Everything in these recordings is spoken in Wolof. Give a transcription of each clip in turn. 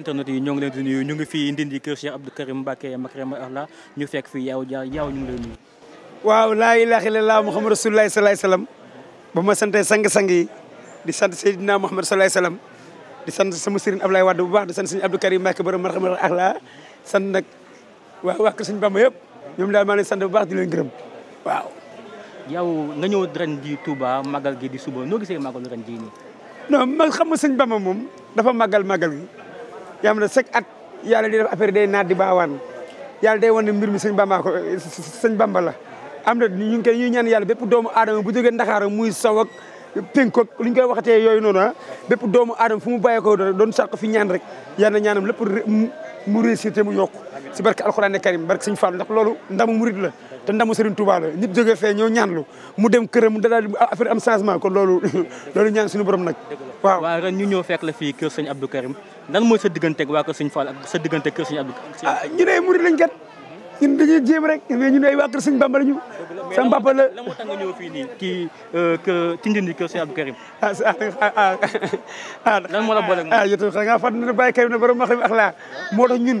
internet yi ñoo ngi leen di ñu ngi fii Ndindi kër Cheikh Abdou Karim Mbacké Makarama Allah ñu fekk fi yaaw jaar yaaw ñu ngi lay nuyu waaw laa ilaaha illallaah Muhammad rasulullah sallallahu alayhi wasallam ba ma sante sang-sang yi di sant Seydina Muhammad sallallahu alayhi wasallam di sant sama sëriñ Ablaye Wade bu baax di sant sëriñ Abdou Karim Mbacké borom Makarama Allah sant nag waaw waa kër sëriñ Bamba yëpp ñoom daal maa leen sant baax di leen gërëm waaw yow nga ñëw ren ji Touba magal gi di suba noo gisee magal ren ji nii non ma xam nga moom dafa màggal màggal gi yaam xam ne chaque at yàlla di def affaire day naat di baawaan yàlla day wan ne mbir mi sëñ Bamba ko sëñ Bamba la am na ñu ngi koy ñuy ñaan yàlla bépp doomu aadama bu jógee Ndakaaru muy saw ak lu ñu koy waxatee yooyu noonu ah bépp doomu aadama fu mu bàyyee ko doon sàq fi ñaan rek yàlla na ñaanam lépp mu réussir te mu yokku si barke alxuraan karim barke sëñ Fallu ndax loolu ndamu murit la te ndamu Serigne Touba la ñëpp jógee fee ñoo ñaanlu mu dem këram mu daal affaire am changement ko loolu loolu ñaan suñu borom nag waaw waaw ren ñu ñëw fekk la fii kër sëñ Abdou Karim lan mooy sa diggante ak waa kër sëñ Fall sa diggante kër sëñ Abdou Karim. ah ñu ne murid lañ kat ñun dañuy jéem rek mais ñun ay waa kër sëñ Bamba lañu. sama papa la la moo nga ñëw fii nii kii euh, ci njëndi kër sëñ Abdou Karim. ah ah ah, ah, ah. lan moo la boole ak moom ah yow tamit xanaa fàttali ne bàyyi Karim ne borom maxrim ak laa moo tax ñun.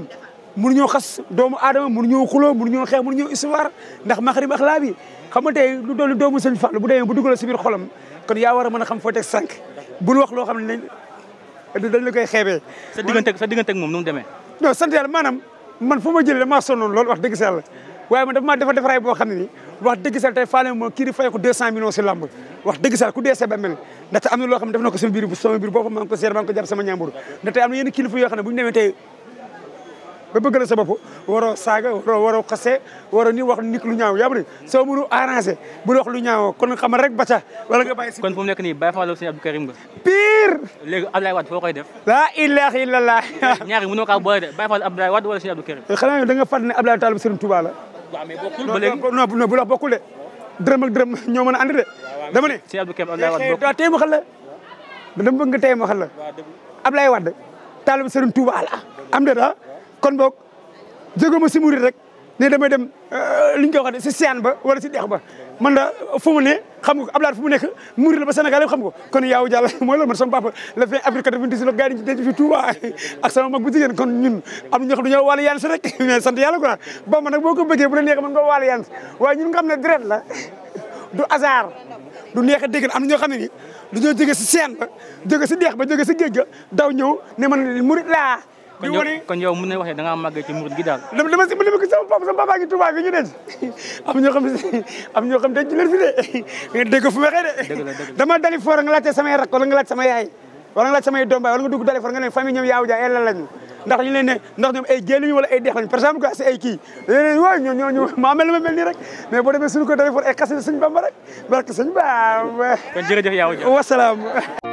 mënuñoo xas doomu aadama mënuñoo xuloo mënuñoo xeex mënuñoo histoire ndax maxrim ak laa bi xam nga tey lu doon doomu sëñ Fall bu demee bu dugal si biir xolam kon yaa war a mën a xam foo teg sànq bul wax loo xam ne dañ la koy xeebee. sa diggante sa diggante ak moom nu mu demee. non sant yàlla maanaam man fu ma jëlee damaa loolu wax dëgg waaye man dafa maa defar defaraay boo xam ne nii wax dëgg si yàlla tey faale moo kii di fay ko 200 millions si lamb wax dëgg ku dee see ba mel am na loo xam ne def ko sama biir sama biir boppam maa ngi ko seer ko jar sama ñaambur ndaxte am na yenn kilifa yoo xam ne bu ñu demee tey ba bëgg la sa bopp waroo saaga waroo waroo xase waroo ni wax nit lu ñaaw yaa ne soo mënu arrangé bul wax lu ñaaw kon xamal rek baca wala nga ba si kon fu mu nekk nii Baye Fallou Serigne Abdou Karim nga pire léegi Abdoulaye Wade foo koy def laa ilaaha illallaah ñaari mënoo kaa boole de Baye Fallou Abdoulaye Wade wala Serigne Abdou Karim xanaa yow da nga fàtte ne Abdoulaye Tall Serigne Touba la waaw mais bokkul ba léegi non non bu la bokkul de dërëm ak dërëm ñoo mën a ànd de dama ne Serigne Abdou Karim Abdoulaye Wade eh, eh, bokkul tey ma xal la dama bëgg nga tey ma xal la Abdoulaye Wade Tall Serigne Touba la am de ah? kon boog jóguma si murit rek ne damay dem euh, li ñu koy wax de si siyaan ba wala si deex ba man la fu ne xam nga ko Abdoulaye fu mu nekk murit la ba Sénégal xam nga ko kon yaaw jàll mooy loolu man sama papa le 20 avril 90 la gars yi dañ fi Touba ak sama mag bu jigéen kon ñun am na ñoo xam dañoo waale si rek sant yàlla quoi ba boo ko bëggee bu la neexee mën nga waale yaan si waaye ñun la du hasard du neex a dégg am na ñoo xam ne ni dañoo jóge si siyaan ba jóge si deex ba jóge si géej ga daw ñëw ne man murit laa di wane kon yow mën nañu wax ne da ngaa màggee ci murid gi daal. dama dama si ma gis sama papa sama papa gi Touba gi ñu denc am ñoo xam ne am ñoo xam denc leen fi de dégg fu waxee de. dama dali foor nga laajte samay rakk wala nga laaj sama yaay wala nga laaj samay doom baay wala nga dugg dali foor nga ne famille ñoom yaaw jaay yàlla lañu ndax ñu leen ne ndax ñoom ay génn ñu wala ay dex lañ par exemple quoi c'est ay kii dañu leen wooy ñoo ñoo ñu maa mel ma mel nii rek mais boo demee suñu ko dali foor ay xasida sëñ Bamba rek barke sëñ Bamba kon jërëjëf yaaw jaay wasalaam